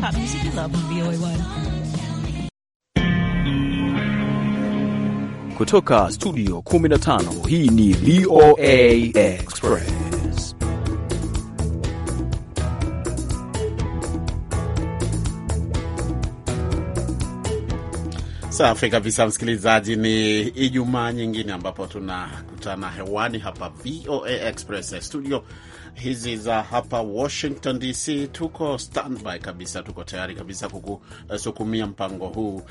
Pop music you love on VOA1. Kutoka studio 15 hii ni VOA Express. Safi kabisa, msikilizaji, ni Ijumaa nyingine ambapo tunakutana hewani hapa VOA Express studio hizi za hapa Washington DC. Tuko standby kabisa, tuko tayari kabisa kukusukumia mpango huu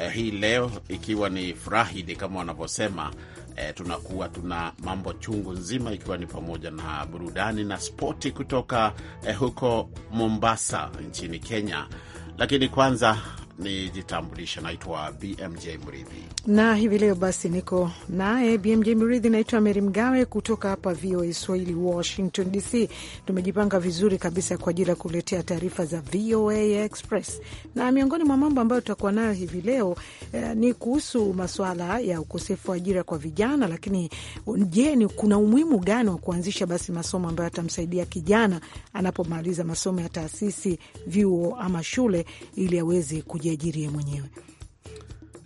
eh, hii leo ikiwa ni Friday kama wanavyosema eh, tunakuwa tuna mambo chungu nzima, ikiwa ni pamoja na burudani na spoti kutoka eh, huko Mombasa nchini Kenya, lakini kwanza nijitambulishe, naitwa BMJ Mridhi na hivi leo basi niko naye BMJ Mridhi. Naitwa Meri Mgawe kutoka hapa VOA Swahili, Washington DC. Tumejipanga vizuri kabisa kwa ajili ya kuletea taarifa za VOA Express, na miongoni mwa mambo ambayo tutakuwa nayo hivi leo eh, ni kuhusu maswala ya ukosefu wa ajira kwa vijana. Lakini je, ni kuna umuhimu gani wa kuanzisha basi masomo ambayo atamsaidia kijana anapomaliza masomo ya taasisi, vyuo ama shule ili aweze kuj kujiajiria mwenyewe.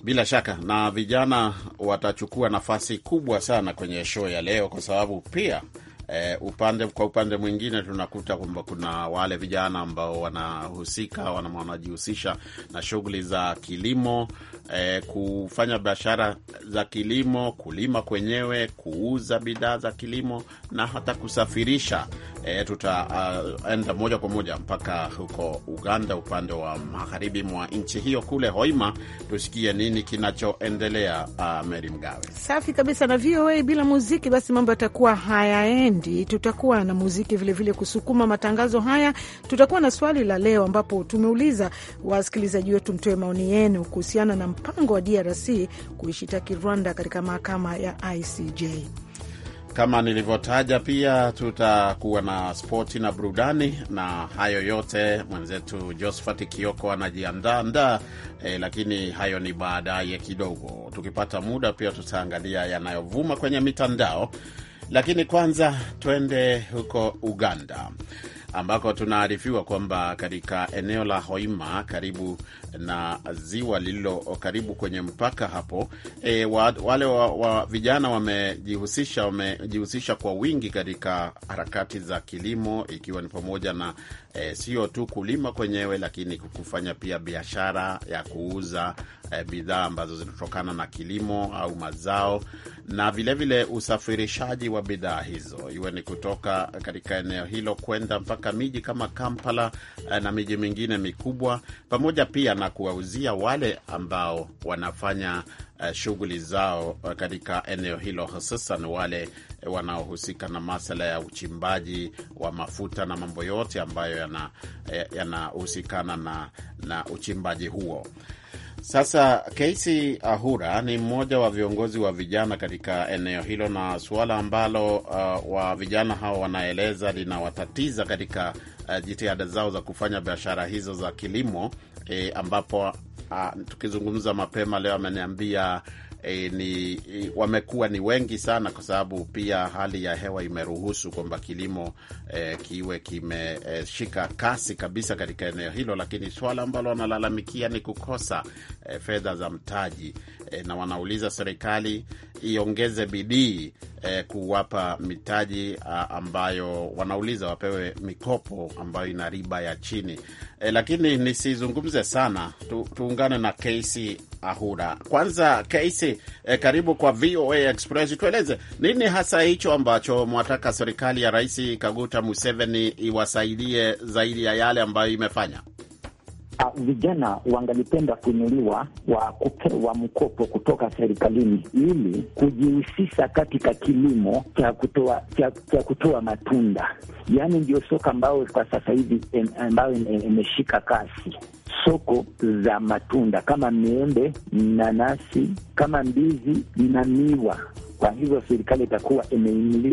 Bila shaka na vijana watachukua nafasi kubwa sana kwenye show ya leo, kwa sababu pia e, upande kwa upande mwingine tunakuta kwamba kuna wale vijana ambao wanahusika wanajihusisha na shughuli za kilimo e, kufanya biashara za kilimo, kulima kwenyewe, kuuza bidhaa za kilimo na hata kusafirisha E, eh, tutaenda uh, moja kwa moja mpaka huko Uganda, upande wa magharibi mwa nchi hiyo, kule Hoima, tusikie nini kinachoendelea. Uh, Meri Mgawe, safi kabisa na VOA. Bila muziki basi mambo yatakuwa hayaendi, tutakuwa na muziki vilevile vile kusukuma matangazo haya. Tutakuwa na swali la leo, ambapo tumeuliza wasikilizaji wetu mtoe maoni yenu kuhusiana na mpango wa DRC kuishitaki Rwanda katika mahakama ya ICJ. Kama nilivyotaja pia, tutakuwa na spoti na burudani, na hayo yote mwenzetu Josphat Kioko anajiandaandaa eh, lakini hayo ni baadaye kidogo. Tukipata muda pia tutaangalia yanayovuma kwenye mitandao, lakini kwanza twende huko Uganda ambako tunaarifiwa kwamba katika eneo la Hoima karibu na ziwa lililo karibu kwenye mpaka hapo. E, wa, wale wa, wa vijana wamejihusisha wamejihusisha kwa wingi katika harakati za kilimo ikiwa ni pamoja na e, sio tu kulima kwenyewe, lakini kufanya pia biashara ya kuuza e, bidhaa ambazo zinatokana na kilimo au mazao na vilevile vile usafirishaji wa bidhaa hizo iwe ni kutoka katika eneo hilo kwenda mpaka miji kama Kampala e, na miji mingine mikubwa pamoja pia na kuwauzia wale ambao wanafanya uh, shughuli zao eh, katika eneo hilo, hususan wale eh, wanaohusika na masala ya uchimbaji wa mafuta na mambo yote ambayo yanahusikana yana na, na uchimbaji huo. Sasa Keisi Ahura ni mmoja wa viongozi wa vijana katika eneo hilo, na suala ambalo uh, wa vijana hao wanaeleza linawatatiza katika uh, jitihada zao za kufanya biashara hizo za kilimo e, ambapo a, ah, tukizungumza mapema leo ameniambia e, ni e, wamekuwa ni wengi sana, kwa sababu pia hali ya hewa imeruhusu kwamba kilimo e, kiwe kimeshika e, kasi kabisa katika eneo hilo, lakini swala ambalo wanalalamikia ni kukosa e, fedha za mtaji e, na wanauliza serikali iongeze bidii e, kuwapa mitaji a, ambayo wanauliza wapewe mikopo ambayo ina riba ya chini e, lakini nisizungumze sana tu, tuungane na Casey Ahura kwanza Casey eh, karibu kwa VOA Express. Tueleze nini hasa hicho ambacho mwataka serikali ya Rais Kaguta Museveni iwasaidie zaidi ya yale ambayo imefanya? uh, vijana wangalipenda kuinuliwa wa kupewa mkopo kutoka serikalini ili kujihusisha katika kilimo cha kutoa cha kutoa matunda, yaani ndio soko ambayo kwa sasa hivi ambayo imeshika kasi, soko za matunda kama miembe, nanasi, kama ndizi na miwa. Kwa hivyo serikali itakuwa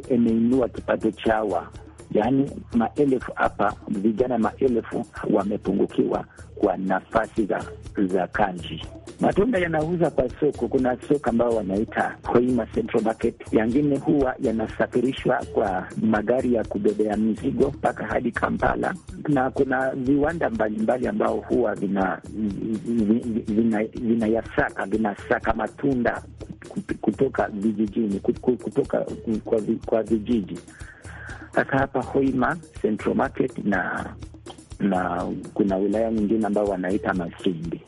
imeinua kipato chawa yaani maelfu hapa, vijana maelfu wamepungukiwa kwa nafasi za, za kanji. Matunda yanauza kwa soko, kuna soko ambayo wanaita Hoima Central Market, yangine huwa yanasafirishwa kwa magari ya kubebea mizigo mpaka hadi Kampala, na kuna viwanda mbalimbali ambao huwa vinayasaka vina, vina, vina vinasaka matunda kutoka vijijini kutoka kwa, kwa vijiji hasa hapa Hoima Central Market na na kuna wilaya nyingine ambayo wanaita Masindi.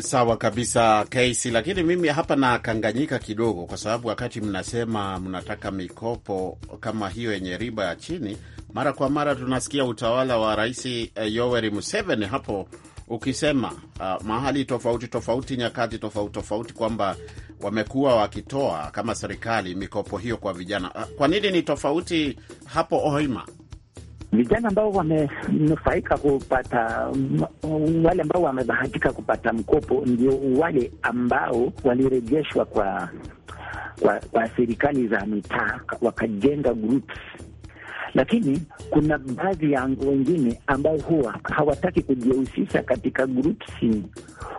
Sawa kabisa Kesi, lakini mimi hapa nakanganyika kidogo, kwa sababu wakati mnasema mnataka mikopo kama hiyo yenye riba ya chini, mara kwa mara tunasikia utawala wa Rais eh, Yoweri Museveni hapo ukisema uh, mahali tofauti tofauti, nyakati tofauti tofauti, kwamba wamekuwa wakitoa kama serikali mikopo hiyo kwa vijana. Ah, kwa nini ni tofauti hapo Oima? Vijana ambao wamenufaika kupata, wale ambao wamebahatika kupata mkopo ndio wale ambao walirejeshwa kwa kwa, kwa serikali za mitaa wakajenga groups lakini kuna baadhi ya wengine ambao huwa hawataki kujihusisha katika group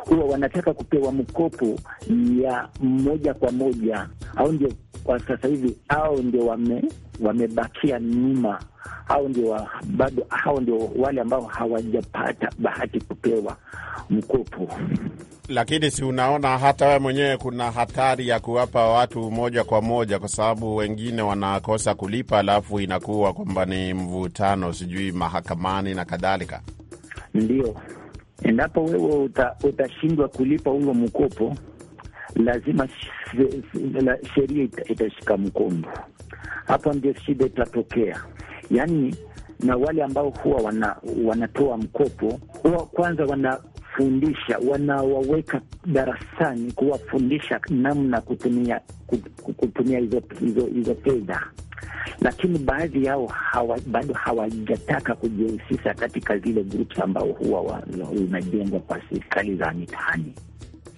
huwa wanataka kupewa mkopo ya moja kwa moja, au ndio kwa sasa hivi au ndio wame wamebakia nyuma hao ndio wa, bado hao ndio wale ambao hawajapata bahati kupewa mkopo. Lakini si unaona hata wewe mwenyewe kuna hatari ya kuwapa watu moja kwa moja, kwa sababu wengine wanakosa kulipa, alafu inakuwa kwamba ni mvutano sijui mahakamani na kadhalika. Ndio, endapo wewe uta, utashindwa kulipa huo mkopo, lazima sheria itashika mkondo. Hapo ndio shida itatokea, yaani na wale ambao huwa wana, wanatoa mkopo huwa kwanza wana kuwafundisha, wanawaweka darasani kuwafundisha namna kutumia kutumia hizo hizo hizo fedha, lakini baadhi yao hawa, bado hawajataka kujihusisha katika zile groups ambao huwa zinajengwa kwa serikali za mitaani.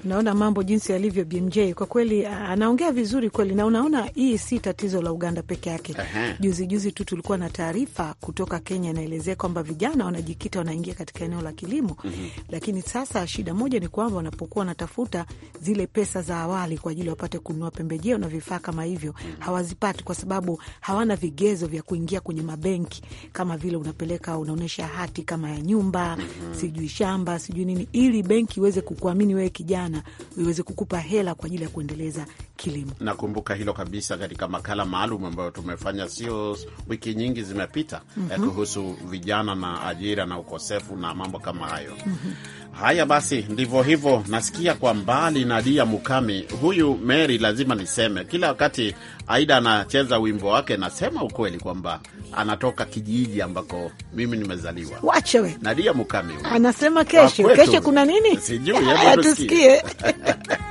Naona mambo jinsi yalivyo, BMJ kwa kweli anaongea vizuri kweli, na unaona hii si tatizo la Uganda peke yake. Juzi juzi tu tulikuwa na taarifa kutoka Kenya inaelezea kwamba vijana wanajikita, wanaingia katika eneo la kilimo mm -hmm. Lakini sasa shida moja ni kwamba wanapokuwa wanatafuta zile pesa za awali kwa ajili wapate kununua pembejeo na vifaa kama hivyo mhm. hawazipati kwa sababu hawana vigezo vya kuingia kwenye mabenki kama vile unapeleka unaonyesha hati kama ya nyumba mm -hmm. sijui shamba sijui nini, ili benki iweze kukuamini wewe kijana sana, iweze kukupa hela kwa ajili ya kuendeleza kilimo. Nakumbuka hilo kabisa katika makala maalum ambayo tumefanya sio wiki nyingi zimepita, mm -hmm. kuhusu vijana na ajira na ukosefu na mambo kama hayo mm -hmm. Haya basi, ndivyo hivyo. Nasikia kwa mbali Nadia Mukami huyu Mary, lazima niseme kila wakati Aida anacheza wimbo wake, nasema ukweli kwamba anatoka kijiji ambako mimi nimezaliwa. Wache we, Nadia Mukami anasema kesho, kesho kuna nini? Sijui, tusikie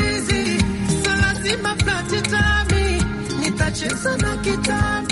nacheza na kitanda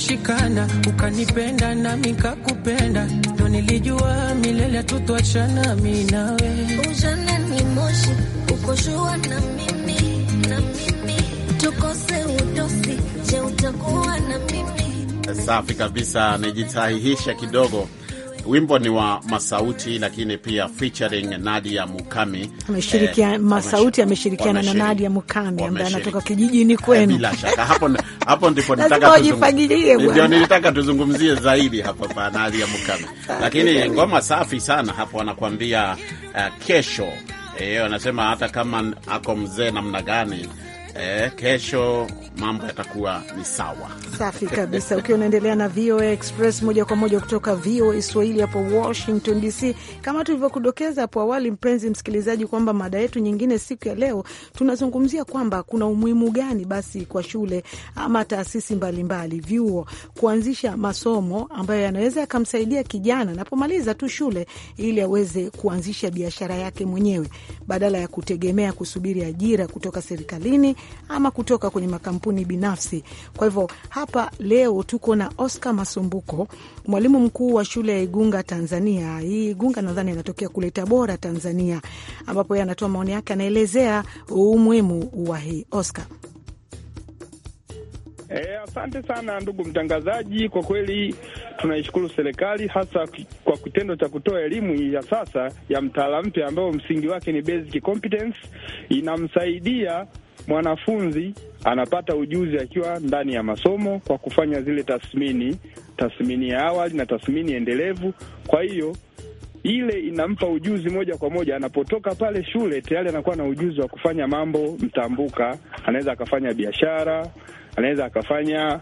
tukashikana, ukanipenda nami kakupenda, ndo nilijua milele tutwachana mi nawe. Ujana ni moshi ukoshua na mimi na mimi tukose utosi, je utakuwa na mimi? Safi kabisa, amejitahihisha kidogo Wimbo ni wa Masauti, lakini pia featuring Nadia Mukami ameshirikia, eh, Masauti ameshirikiana na Nadia Mukami ambaye anatoka kijijini kwenu. Eh, bila shaka hapo hapo ndipo nilitaka tuzungumzie zaidi hapo pa Nadia Mukami, lakini ngoma safi sana hapo, anakuambia uh, kesho. Eh, anasema hata kama ako mzee namna gani eh, kesho mambo yatakuwa ni sawa. Safi kabisa, ukiwa unaendelea na VOA Express moja kwa moja kutoka VOA Swahili hapo Washington DC. Kama tulivyokudokeza hapo awali, mpenzi msikilizaji, kwamba mada yetu nyingine siku ya leo tunazungumzia kwamba kuna umuhimu gani basi kwa shule ama taasisi mbalimbali, vyuo kuanzisha masomo ambayo yanaweza yakamsaidia kijana anapomaliza tu shule ili aweze kuanzisha biashara yake mwenyewe badala ya kutegemea kusubiri ajira kutoka serikalini ama kutoka kwenye makampuni binafsi. Kwa hivyo hapa leo tuko na Oscar Masumbuko, mwalimu mkuu wa shule ya Igunga Tanzania. Hii Igunga nadhani anatokea kule Tabora, Tanzania, ambapo yeye anatoa maoni yake, anaelezea umuhimu wa hii. Oscar. E, asante sana ndugu mtangazaji. Kwa kweli tunaishukuru serikali hasa kwa kitendo cha kutoa elimu ya sasa ya mtaala mpya ambayo msingi wake ni basic competence. Inamsaidia mwanafunzi anapata ujuzi akiwa ndani ya masomo kwa kufanya zile tathmini, tathmini ya awali na tathmini endelevu. Kwa hiyo ile inampa ujuzi moja kwa moja, anapotoka pale shule tayari anakuwa na ujuzi wa kufanya mambo mtambuka. Anaweza akafanya biashara, anaweza akafanya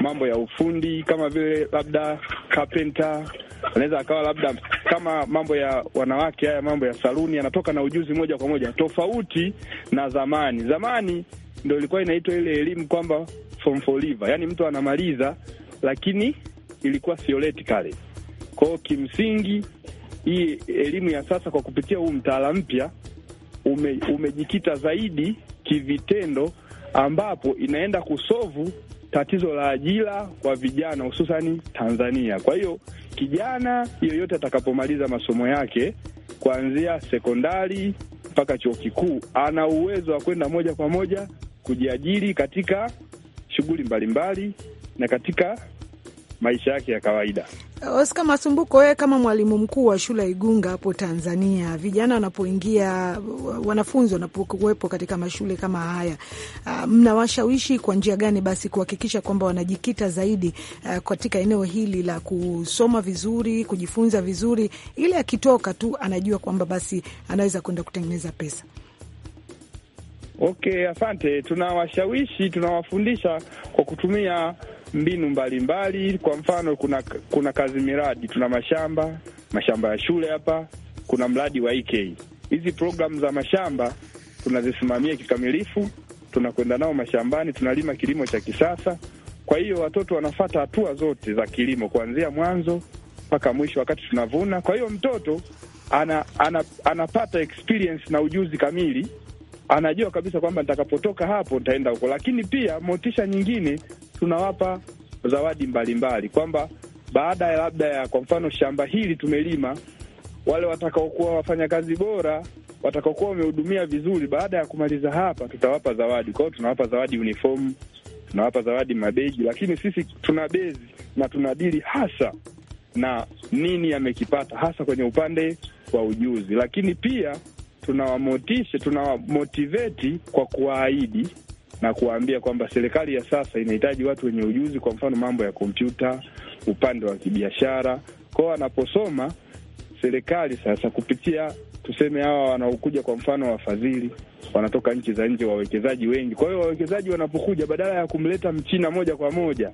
mambo ya ufundi kama vile labda kapenta, anaweza akawa labda kama mambo ya wanawake haya mambo ya saluni yanatoka na ujuzi moja kwa moja, tofauti na zamani. Zamani ndo ilikuwa inaitwa ile elimu kwamba form four leaver, yani mtu anamaliza, lakini ilikuwa theoretically. Kwao kimsingi hii elimu ya sasa kwa kupitia huu mtaala mpya ume, umejikita zaidi kivitendo ambapo inaenda kusovu tatizo la ajira kwa vijana hususani Tanzania. Kwa hiyo kijana yoyote atakapomaliza masomo yake kuanzia sekondari mpaka chuo kikuu, ana uwezo wa kwenda moja kwa moja kujiajiri katika shughuli mbalimbali na katika maisha yake ya kawaida. Oscar Masumbuko, wewe kama mwalimu mkuu wa shule ya Igunga hapo Tanzania, vijana wanapoingia, wanafunzi wanapokuwepo katika mashule kama haya, ah, mnawashawishi kwa njia gani basi kuhakikisha kwamba wanajikita zaidi ah, katika eneo hili la kusoma vizuri, kujifunza vizuri, ili akitoka tu anajua kwamba basi anaweza kwenda kutengeneza pesa? Okay, asante. Tunawashawishi, tunawafundisha kwa kutumia mbinu mbalimbali mbali. Kwa mfano kuna kuna kazi miradi, tuna mashamba mashamba ya shule hapa, kuna mradi wa IK. E Hizi programu za mashamba tunazisimamia kikamilifu, tunakwenda nao mashambani, tunalima kilimo cha kisasa. Kwa hiyo watoto wanafata hatua zote za kilimo kuanzia mwanzo mpaka mwisho wakati tunavuna. Kwa hiyo mtoto ana, ana, anapata experience na ujuzi kamili anajua kabisa kwamba nitakapotoka hapo nitaenda huko. Lakini pia motisha nyingine tunawapa zawadi mbalimbali, kwamba baada ya labda ya kwa mfano shamba hili tumelima, wale watakaokuwa wafanyakazi bora watakaokuwa wamehudumia vizuri, baada ya kumaliza hapa tutawapa zawadi. Kwa hiyo tunawapa zawadi uniform, tunawapa zawadi mabeji, lakini sisi tuna bezi na tunadili hasa na nini amekipata hasa kwenye upande wa ujuzi, lakini pia tunawamotisha, tunawamotiveti kwa kuwaahidi na kuwaambia kwamba serikali ya sasa inahitaji watu wenye ujuzi, kwa mfano mambo ya kompyuta, upande wa kibiashara. Kwao wanaposoma serikali sasa kupitia tuseme hawa wanaokuja kwa mfano wafadhili wanatoka nchi za nje, wawekezaji wengi. Kwa hiyo wawekezaji wanapokuja, badala ya kumleta mchina moja kwa moja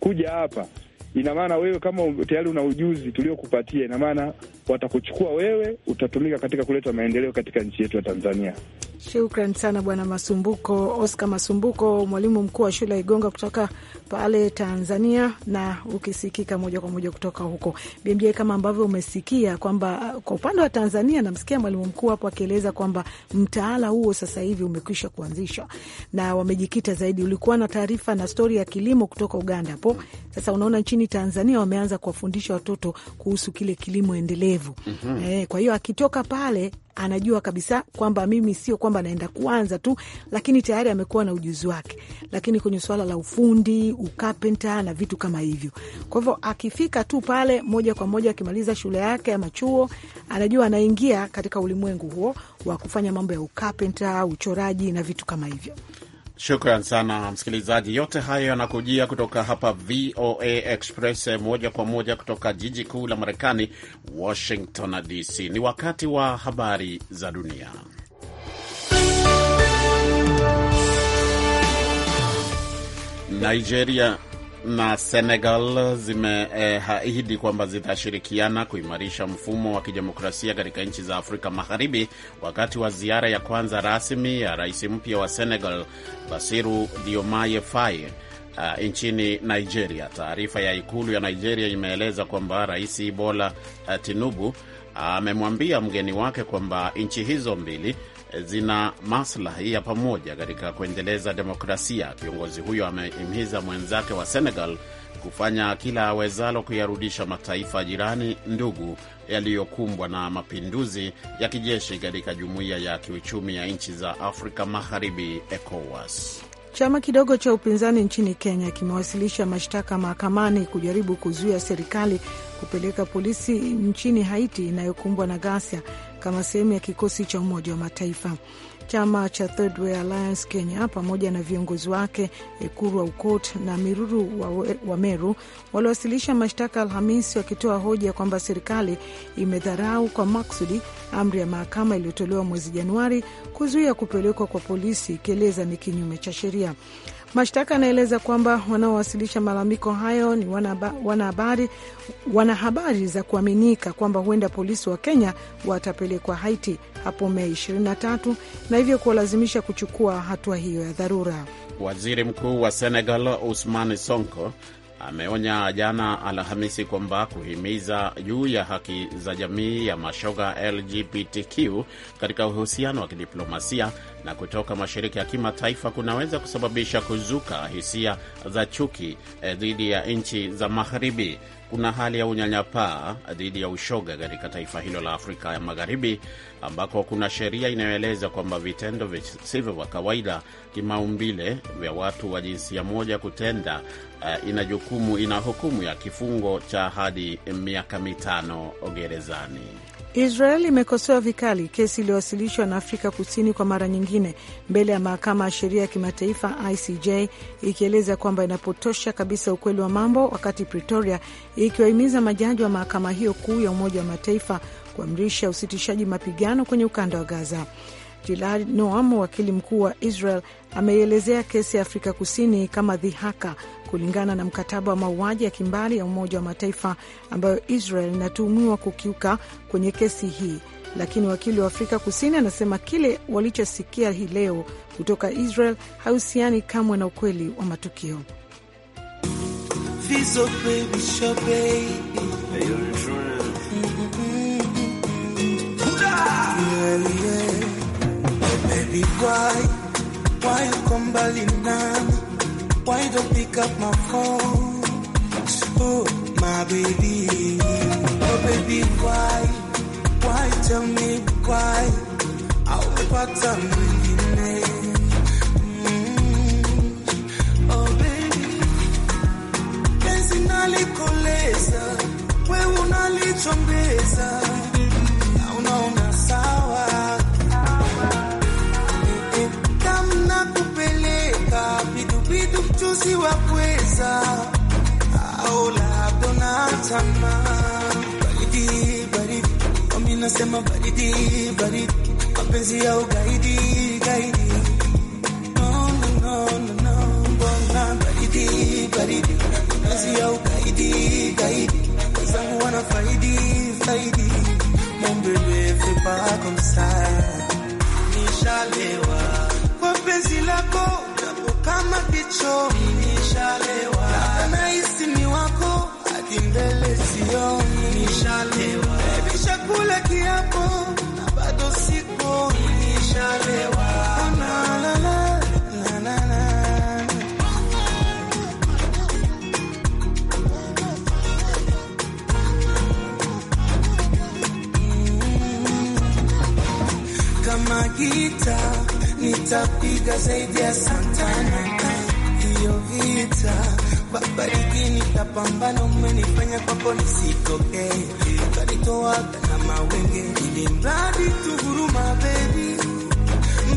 kuja hapa, ina maana wewe kama tayari una ujuzi tuliokupatia, ina maana watakuchukua wewe, utatumika katika kuleta maendeleo katika nchi yetu ya Tanzania. Shukran sana Bwana Masumbuko, Oscar Masumbuko, mwalimu mkuu wa shule ya Igonga kutoka pale Tanzania, na ukisikika moja kwa moja kutoka huko BMJ. Kama ambavyo umesikia kwamba uh, kwa upande wa Tanzania, namsikia mwalimu mkuu hapo akieleza kwamba mtaala huo sasa hivi umekwisha kuanzishwa na wamejikita zaidi. Ulikuwa na taarifa na stori ya kilimo kutoka Uganda hapo. Sasa unaona nchini Tanzania wameanza kuwafundisha watoto kuhusu kile kilimo endelevu. mm -hmm. E, kwa hiyo akitoka pale anajua kabisa kwamba mimi sio kwamba naenda kuanza tu, lakini tayari amekuwa na ujuzi wake, lakini kwenye swala la ufundi, ukapenta na vitu kama hivyo. Kwa hivyo akifika tu pale, moja kwa moja, akimaliza shule yake ama chuo, anajua anaingia katika ulimwengu huo wa kufanya mambo ya ukapenta, uchoraji na vitu kama hivyo. Shukran sana msikilizaji. Yote hayo yanakujia kutoka hapa VOA Express, eh, moja kwa moja kutoka jiji kuu la Marekani, Washington DC. Ni wakati wa habari za dunia. Nigeria na Senegal zimeahidi eh, kwamba zitashirikiana kuimarisha mfumo wa kidemokrasia katika nchi za Afrika Magharibi wakati wa ziara ya kwanza rasmi ya rais mpya wa Senegal Basiru Diomaye Faye Uh, nchini Nigeria. Taarifa ya ikulu ya Nigeria imeeleza kwamba rais Bola uh, Tinubu amemwambia uh, mgeni wake kwamba nchi hizo mbili zina maslahi ya pamoja katika kuendeleza demokrasia. Kiongozi huyo amehimiza mwenzake wa Senegal kufanya kila awezalo kuyarudisha mataifa jirani ndugu yaliyokumbwa na mapinduzi ya kijeshi katika jumuiya ya kiuchumi ya nchi za Afrika Magharibi, ECOWAS. Chama kidogo cha upinzani nchini Kenya kimewasilisha mashtaka mahakamani kujaribu kuzuia serikali kupeleka polisi nchini Haiti inayokumbwa na ghasia kama sehemu ya kikosi cha Umoja wa Mataifa. Chama cha Third Way Alliance Kenya pamoja na viongozi wake Ekuru Aukot na Miruru wa wa waliwasilisha mashtaka Alhamisi wakitoa hoja kwamba serikali imedharau kwa maksudi amri ya mahakama iliyotolewa mwezi Januari kuzuia kupelekwa kwa polisi, ikieleza ni kinyume cha sheria. Mashtaka yanaeleza kwamba wanaowasilisha malalamiko hayo ni wanahabari wana habari za kuaminika kwamba huenda polisi wa Kenya watapelekwa Haiti hapo Mei 23 na hivyo kuwalazimisha kuchukua hatua hiyo ya dharura. Waziri Mkuu wa Senegal Ousmane Sonko ameonya jana Alhamisi kwamba kuhimiza juu ya haki za jamii ya mashoga LGBTQ katika uhusiano wa kidiplomasia na kutoka mashirika ya kimataifa kunaweza kusababisha kuzuka hisia za chuki eh, dhidi ya nchi za Magharibi kuna hali ya unyanyapaa dhidi ya ushoga katika taifa hilo la Afrika ya Magharibi, ambako kuna sheria inayoeleza kwamba vitendo visivyo vya kawaida kimaumbile vya watu wa jinsia moja kutenda uh, ina jukumu ina hukumu ya kifungo cha hadi miaka mitano gerezani. Israel imekosoa vikali kesi iliyowasilishwa na Afrika Kusini kwa mara nyingine mbele ya mahakama ya sheria ya kimataifa ICJ, ikieleza kwamba inapotosha kabisa ukweli wa mambo, wakati Pretoria ikiwahimiza majaji wa mahakama hiyo kuu ya Umoja wa Mataifa kuamrisha usitishaji mapigano kwenye ukanda wa Gaza. Gilad Noam, wakili mkuu wa Israel, ameielezea kesi ya Afrika Kusini kama dhihaka kulingana na mkataba wa mauaji ya kimbali ya Umoja wa Mataifa ambayo Israel inatuhumiwa kukiuka kwenye kesi hii. Lakini wakili wa Afrika Kusini anasema kile walichosikia hii leo kutoka Israel hahusiani kamwe na ukweli wa matukio. Why why Why don't pick up my phone? Oh, my baby. Oh, baby, why? Why tell me why? Aupata mwingine. Mm. Oh, baby. Penzi nalikoleza, wewe unalichombeza wa kuweza au labda na tamaa. Baridi baridi, mimi nasema baridi baridi, mapenzi ya ugaidi gaidi Kama gita nitapiga zaidi ya Santana, hiyo vita babariki, nitapambana. Umenifanya kwako nisitokee, ukanitoa kama mawenge, ili mradi tu huruma baby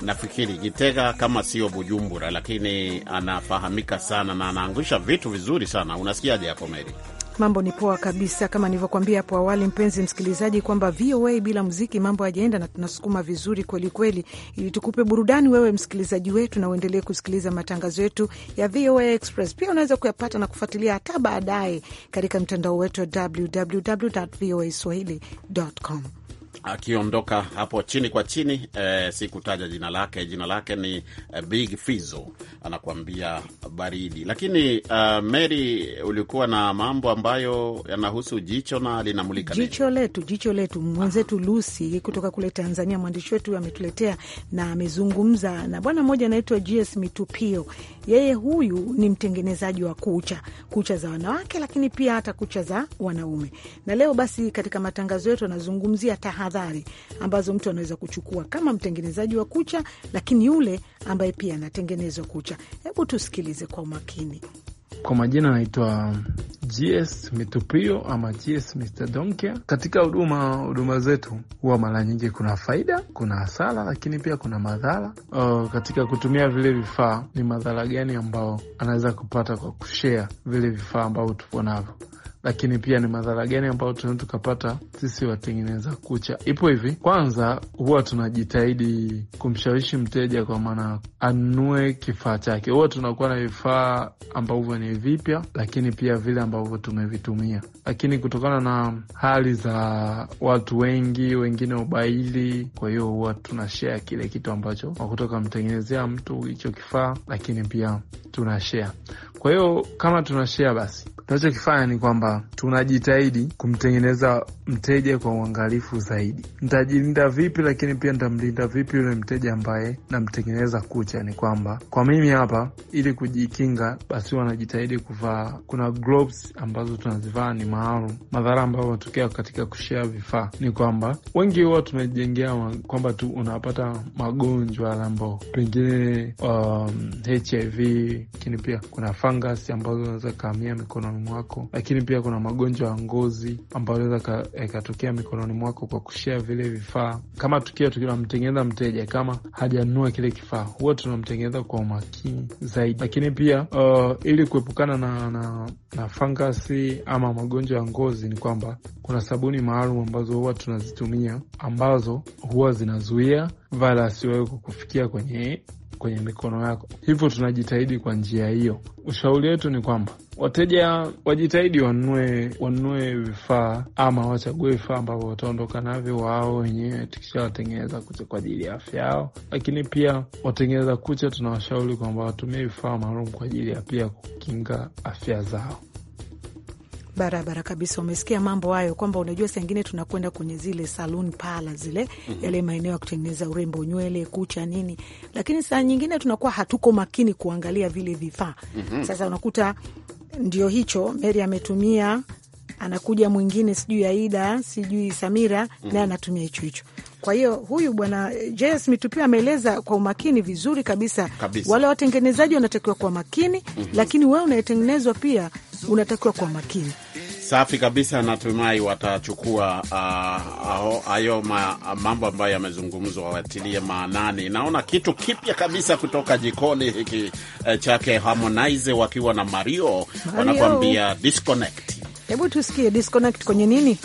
nafikiri Gitega kama sio Bujumbura, lakini anafahamika sana na anaangusha vitu vizuri sana. Unasikiaje hapo Meri? Mambo ni poa kabisa, kama nilivyokuambia hapo awali, mpenzi msikilizaji, kwamba VOA bila muziki mambo hajaenda, na tunasukuma vizuri kwelikweli, ili tukupe burudani wewe msikilizaji wetu, na uendelee kusikiliza matangazo yetu ya VOA Express. Pia unaweza kuyapata na kufuatilia hata baadaye katika mtandao wetu wa www voa swahili com akiondoka hapo chini kwa chini eh, si kutaja jina lake. Jina lake ni eh, Big Fizo, anakuambia baridi. Lakini uh, Mary, ulikuwa na mambo ambayo yanahusu jicho na linamulika jicho letu, jicho letu. Mwenzetu Lucy kutoka kule Tanzania, mwandishi wetu ametuletea na amezungumza na bwana mmoja anaitwa GS Mitupio. Yeye huyu ni mtengenezaji wa kucha, kucha za wanawake, lakini pia hata kucha za wanaume. Na leo basi katika matangazo yetu anazungumzia taha tahadhari ambazo mtu anaweza kuchukua kama mtengenezaji wa kucha, lakini yule ambaye pia anatengenezwa kucha. Hebu tusikilize kwa umakini. Kwa majina anaitwa GS Mitupio ama GS Mr Donke. Katika huduma huduma zetu huwa mara nyingi kuna faida, kuna hasara, lakini pia kuna madhara uh, katika kutumia vile vifaa. Ni madhara gani ambao anaweza kupata kwa kushea vile vifaa ambavyo tupo navyo? lakini pia ni madhara gani ambayo tunaweza tukapata sisi watengeneza kucha. Ipo hivi, kwanza huwa tunajitahidi kumshawishi mteja kwa maana anunue kifaa chake. Huwa tunakuwa na vifaa ambavyo ni vipya, lakini pia vile ambavyo tumevitumia, lakini kutokana na hali za watu wengi, wengine ubaili, kwa hiyo huwa tunashea kile kitu ambacho wakutoka mtengenezea mtu hicho kifaa, lakini pia tunashea kwa hiyo kama tunashea, basi tunachokifanya ni kwamba tunajitahidi kumtengeneza mteja kwa uangalifu zaidi. Ntajilinda vipi? Lakini pia ntamlinda vipi yule mteja ambaye namtengeneza kucha? Ni kwamba kwa mimi hapa, ili kujikinga, basi wanajitahidi kuvaa, kuna gloves ambazo tunazivaa ni maalum. Madhara ambayo wanatokea katika kushea vifaa ni kwamba wengi huwa tumejengea kwamba tu unapata magonjwa yale pengine um, HIV, lakini pia kuna fangasi ambazo zinaweza kahamia mikononi mwako, lakini pia kuna magonjwa ya ngozi ambayo inaweza ikatokea eh, mikononi mwako kwa kushea vile vifaa. Kama tukiwa tunamtengeneza mteja, kama hajanunua kile kifaa, huwa tunamtengeneza kwa umakini zaidi. Lakini pia uh, ili kuepukana na, na, na fangasi ama magonjwa ya ngozi, ni kwamba kuna sabuni maalum ambazo huwa tunazitumia ambazo huwa zinazuia vala asiwawe kufikia kwenye kwenye mikono yako, hivyo tunajitahidi kwa njia hiyo. Ushauri wetu ni kwamba wateja wajitahidi wanunue wanunue vifaa ama wachague vifaa ambavyo wataondoka navyo wao wenyewe tukishawatengeneza kucha kwa ajili ya afya yao. Lakini pia watengeneza kucha tunawashauri kwamba watumie vifaa maalum kwa ajili ya pia kukinga afya zao. Barabara kabisa, umesikia mambo hayo, kwamba unajua saa ingine tunakwenda kwenye zile saluni pala zile, mm -hmm. yale maeneo ya kutengeneza urembo, nywele, kucha, nini, lakini saa nyingine tunakuwa hatuko makini kuangalia vile vifaa mm -hmm. Sasa unakuta ndio hicho Meri ametumia anakuja mwingine sijui Aida sijui Samira mm -hmm. naye anatumia hicho hicho. Kwa hiyo huyu bwana eh, JS Mitupiwa ameeleza kwa umakini vizuri kabisa, kabisa. Wale watengenezaji wanatakiwa kuwa makini mm -hmm. lakini wewe unayetengenezwa pia unatakiwa kuwa makini. Safi kabisa, natumai watachukua hayo ah, uh, mambo ambayo yamezungumzwa watilie maanani. Naona kitu kipya kabisa kutoka jikoni hiki eh, chake Harmonize wakiwa na Mario, Mario wanakuambia disconnect. Hebu tusikie disconnect kwenye nini?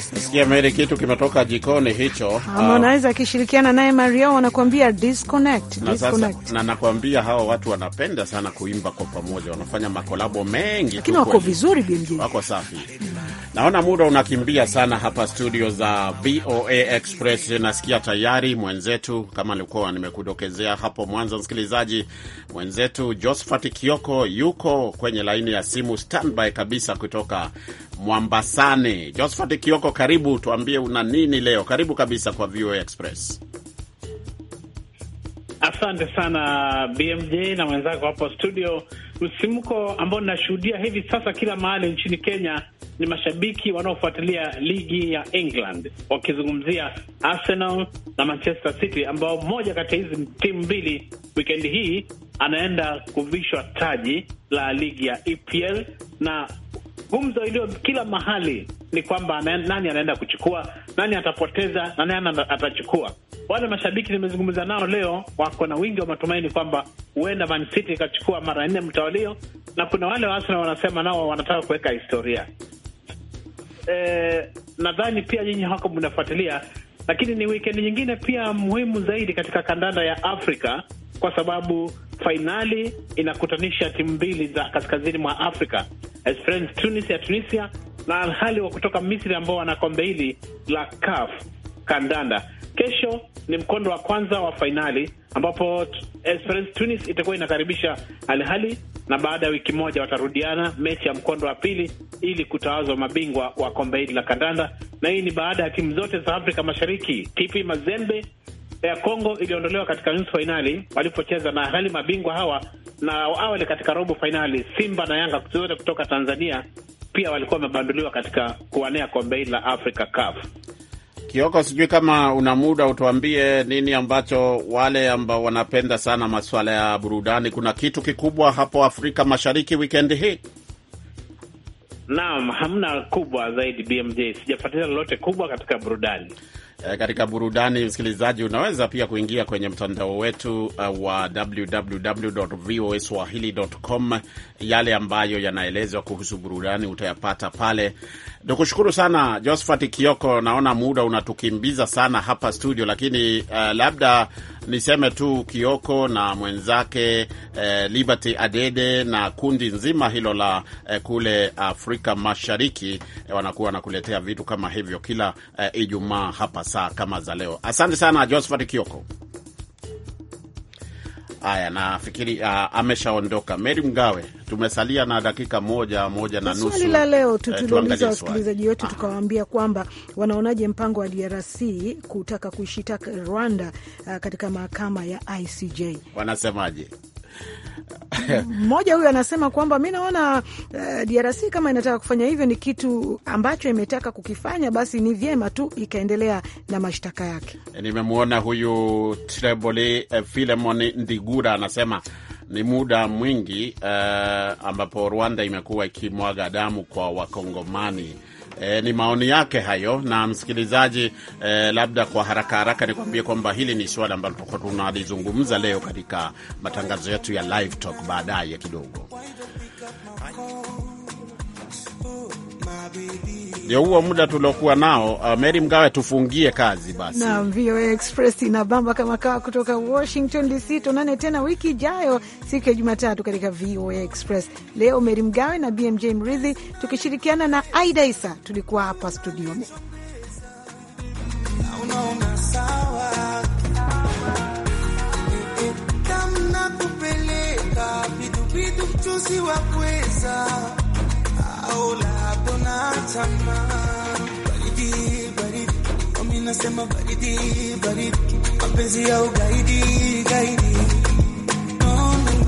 Sikia Meri, kitu kimetoka jikoni hicho. Ah, Harmonize akishirikiana naye Mario wanakuambia disconnect, disconnect. Na nakwambia hawa watu wanapenda sana kuimba kwa pamoja, wanafanya makolabo mengi, lakini wako vizuri wako safi. Naona muda unakimbia sana hapa studio za VOA Express. Nasikia tayari mwenzetu, kama alikuwa nimekudokezea hapo mwanzo, msikilizaji, mwenzetu Josephat Kioko yuko kwenye laini ya simu standby kabisa kutoka Mwambasane. Josephat Kioko, karibu, tuambie una nini leo. Karibu kabisa kwa VOA Express. Asante sana BMJ na mwenzako hapo studio. Msimko ambao ninashuhudia hivi sasa kila mahali nchini Kenya ni mashabiki wanaofuatilia ligi ya England wakizungumzia Arsenal na Manchester City, ambao mmoja kati ya hizi timu mbili wikendi hii anaenda kuvishwa taji la ligi ya EPL na gumzo iliyo kila mahali ni kwamba nani anaenda kuchukua, nani atapoteza na nani atachukua. Wale mashabiki nimezungumza nao leo wako na wingi wa matumaini kwamba huenda Man City ikachukua mara nne mtawalio, na kuna wale wa Arsenal wanasema nao wanataka kuweka historia. E, nadhani pia nyinyi hako mnafuatilia, lakini ni wikendi nyingine pia muhimu zaidi katika kandanda ya Afrika kwa sababu fainali inakutanisha timu mbili za kaskazini mwa Afrika, Esperance Tunis ya Tunisia na Alhali wa kutoka Misri ambao wana kombe hili la CAF kandanda. Kesho ni mkondo wa kwanza wa fainali ambapo Esperance Tunis itakuwa inakaribisha Al na baada ya wiki moja watarudiana mechi ya mkondo wa pili ili kutawazwa mabingwa wa kombe hili la kandanda, na hii ni baada ya timu zote za Afrika Mashariki, TP Mazembe ya Kongo iliondolewa katika nusu fainali walipocheza na hali mabingwa hawa, na awali katika robo fainali Simba na Yanga zote kutoka Tanzania pia walikuwa wamebanduliwa katika kuwania kombe hili la Africa CAF. Kioko, sijui kama una muda utuambie nini ambacho wale ambao wanapenda sana masuala ya burudani, kuna kitu kikubwa hapo Afrika Mashariki wikendi hii? Naam, hamna kubwa zaidi BMJ, sijafuatilia lolote kubwa katika burudani. Eh, katika burudani, msikilizaji, unaweza pia kuingia kwenye mtandao wetu uh, wa www.voaswahili.com. Yale ambayo yanaelezwa kuhusu burudani utayapata pale. Nikushukuru sana Josephat Kioko, naona muda unatukimbiza sana hapa studio, lakini uh, labda niseme tu Kioko na mwenzake eh, Liberty Adede na kundi nzima hilo la eh, kule Afrika Mashariki eh, wanakuwa wanakuletea vitu kama hivyo kila eh, Ijumaa hapa saa kama za leo. Asante sana Josephat Kioko. Haya, nafikiri uh, ameshaondoka Meri Mgawe. Tumesalia na dakika moja moja na nusu. Swali la leo tutuliuliza eh, tuliuliza wasikilizaji wetu ah. tukawaambia kwamba wanaonaje mpango wa DRC kutaka kuishitaka Rwanda uh, katika mahakama ya ICJ, wanasemaje? mmoja huyu anasema kwamba mi naona uh, eh, DRC kama inataka kufanya hivyo, ni kitu ambacho imetaka kukifanya, basi ni vyema tu ikaendelea na mashtaka yake. Nimemwona huyu Trebole uh, Filemon Ndigura anasema ni muda mwingi uh, ambapo Rwanda imekuwa ikimwaga damu kwa Wakongomani E, ni maoni yake hayo. Na msikilizaji, e, labda kwa haraka haraka nikwambie kwamba hili ni suala ambalo tutakuwa tunalizungumza leo katika matangazo yetu ya Live Talk baadaye kidogo. Ndio huo muda tuliokuwa nao. Uh, Meri Mgawe, tufungie kazi basi. Na VOA Express inabamba kama kawa kutoka Washington DC. Tuonane tena wiki ijayo siku ya Jumatatu katika VOA Express. Leo Meri Mgawe na BMJ Mridhi tukishirikiana na Aida Isa tulikuwa hapa studioni aula bona tama baridi baridi mimi nasema baridi baridi mapenzi ya ugaidi gaidi no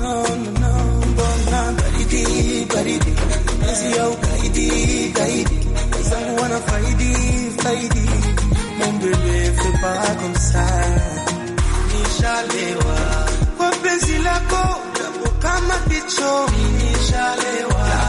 no no no bona baridi baridi mapenzi ya ugaidi gaidi zangu wana faidi faidi mon bebe fais pas comme ça nishalewa kwa penzi lako kama kichomi nishalewa